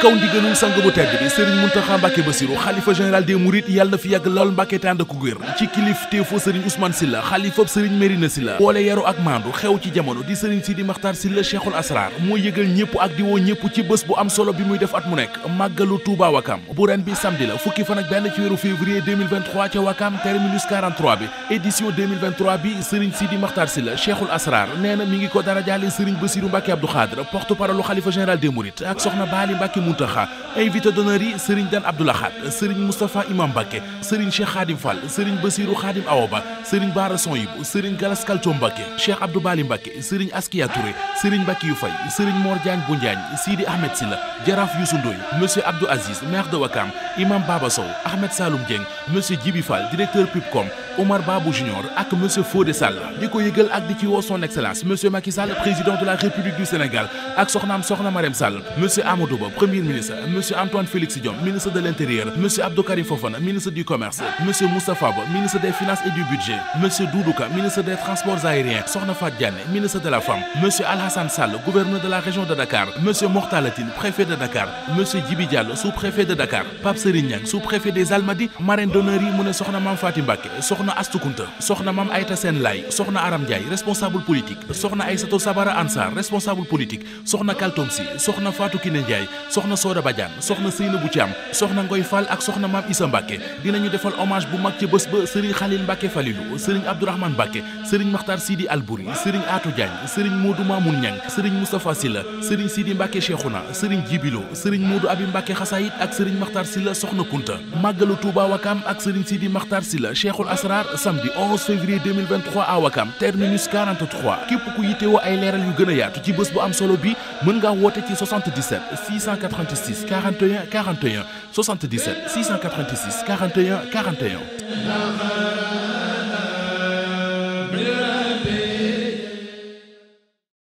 kaw ndigalul sang bu tedd bi Serigne Mountakha Mbacké Bassirou xalifa général des Mourides yàlla na fi yàgg lool Mbacké tànd ak wér ci kilif teefu Serigne Ousmane Sylla xalifa Serigne Mérina Sylla boole yaru ak maandu xew ci jamono di Serigne Sidi Makhtar Sylla Cheikhul Asrar moo yëgal ñëpp ak di woo ñëpp ci bés bu am solo bi muy def at mu nekk màggalu Touba Wakam bu ren bi samedi la fukki fan benn ci weeru février ca Wakam terminus bi édition bi Serigne Muntaxa invité d'honneur yi sëriñ Dan Abdou Lahad sëriñ Moustapha Imam Mbacké sëriñ Cheikh Khadim Fall sëriñ Bassirou Khadim Awa Ba sëriñ Bara Sonyibou sëriñ Galas Kalcom Mbacké Cheikh Abdou Bali Mbacké sëriñ Askia Touré sëriñ Mbacké yu Fay sëriñ Mor Diagne Bundiagne Sidi Ahmed Silla jaraaf Youssou Ndoye monsieur Abdou Aziz maire de Wakam imam Baba Sow Ahmed Saloum Dieng monsieur Djibi Fall directeur Pubcom Omar Babou Junior ak monsieur Fodé Sall di ko yëgal ak di ci woo son excellence monsieur Macky Sall président de la République du Sénégal ak soxnaam soxna Marème Sall monsieur Amadou Ba premier ministre monsieur Antoine Félix Diome ministre de l'Intérieur monsieur Abdou Karim ministre du Commerce monsieur Moustapha Ba ministre des Finances et du Budget monsieur Doudou ministre des Transports aériens soxna Fatou ministre de Serigne Niang sous-préfet des Almadies marraine d'honneur yi mu ne soxna maam Faty Mbacké soxna Astukunta soxna maam Ayta Sène Laye soxna Aram Ndiaye responsable politique soxna Aïssatou Sabara Ansar responsable politique soxna Kaltom Si soxna Fatou Kiné Ndiaye soxna Soda Badiane soxna Seynabou Thiam soxna Ngoy Fall ak soxna maam Issa Mbacké dinañu defal hommage bu mag ci bés ba Serigne Khalil Mbacké Falilou Serigne Abdourahmane Mbacké Serigne Makhtar Sidi Albouri Serigne Atou Diagne Serigne la soxna kunta màggalu Touba Wakam ak Serigne Sidi Makhtar Sylla Cheikhul Asrar samedi 11 février 2023 à Wakam terminus 43 képp ku yittewoo ay leeral yu gën yaatu ci bés bu am solo bi mën ngaa woote ci 77 686 41 41 77